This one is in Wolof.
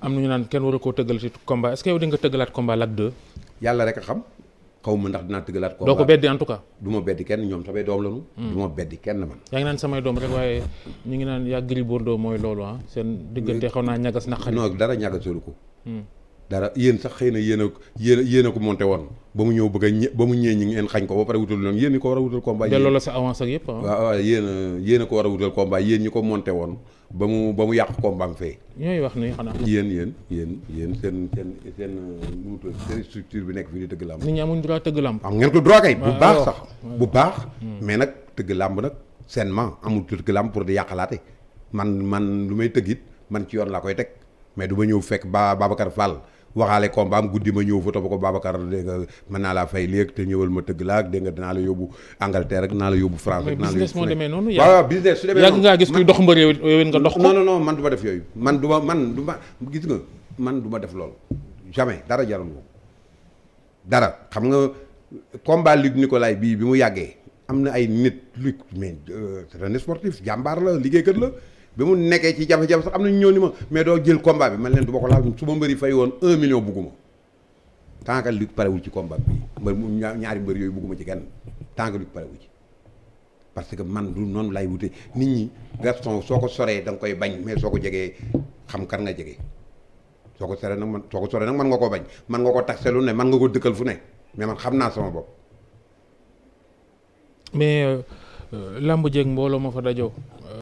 am na ñu naan kenn waru koo tëggal ci combat est-ce que yow di nga tëggalaat combat Lac 2. yàlla rek a xam xaw ma ndax dinaa tëggalaat. combat doo ko beddi en tout cas. du ma beddi kenn ñoom samay doom lañu. Hmm. du beddi kenn man. yaa ngi naan samay doom rek waaye ñu ngi naan yaa Gris doo mooy loolu ah seen diggante xaw naa ñagas naqari. non dara ñagasul ko. Hmm. dara yéen sax xëy na yéen a yéen a ko monté woon ba mu ñëw bëgg a ñë ba mu ñëwee ñi ngi xañ ko ba pare wutal loon yéen ko war a wutal combat delloo sa avance ah. yéen a yéen a ko a wutal combat yéen ñi ko monte woon ba mu ba mu yàq combat am fee ñooy wax ni xanaa yéen yéen yéen yéen seen seen seen nuuta seen structure bi nekk fii di tëgg làmb nit ñi amuñ droit tëgg làmb am ngeen ko droit kay bu ah, baax sax bu hmm. baax hmm. mais nag tëgg làmb nag seen ma amul tëgg làmb pour di yàqalaate man man lu may tëggit man ci yoon laa koy teg mais du ma ñëw fekk ba Babacar Fall waxaale combat am guddi ma ñëw fa ko Babacar dégg nga mën naa laa fay léegi te ñëwal ma tëgg laag dégg nga dinaa la yóbbu Angleterre rek dinaa la yóbbu noonu waaw waaw business su demee noonu yàgg ngaa gis kuy dox mbër ma def ma gis nga man du ma def loolu jamais dara jarul ko xam nga combat Luc Nicolaï bii bi mu yàggee am na ay nit Luc mais euh, c'est un sportif jàmbaar la liggéeykat la bi mu nekkee ci jafe-jafe sax am na ñëw ni ma mais doo jël combat bi man leen du ma ko laal su ma mbëri fay woon un million bugguma tant que Luc parewul ci combat bi mbër mu ñaari mbër yooyu bugguma ci kenn tant que Luc ci parce que man du noonu lay wute nit ñi Gaston soo ko soree da nga koy bañ mais soo ko jegee xam kan nga jege soo ko soree nag man soo ko soree nag man nga koo bañ man nga ko taxé lu ne man nga ko dëkkal fu ne mais man xam naa sama bopp mais euh, euh, làmb jeeg mbooloo ma fa dajoo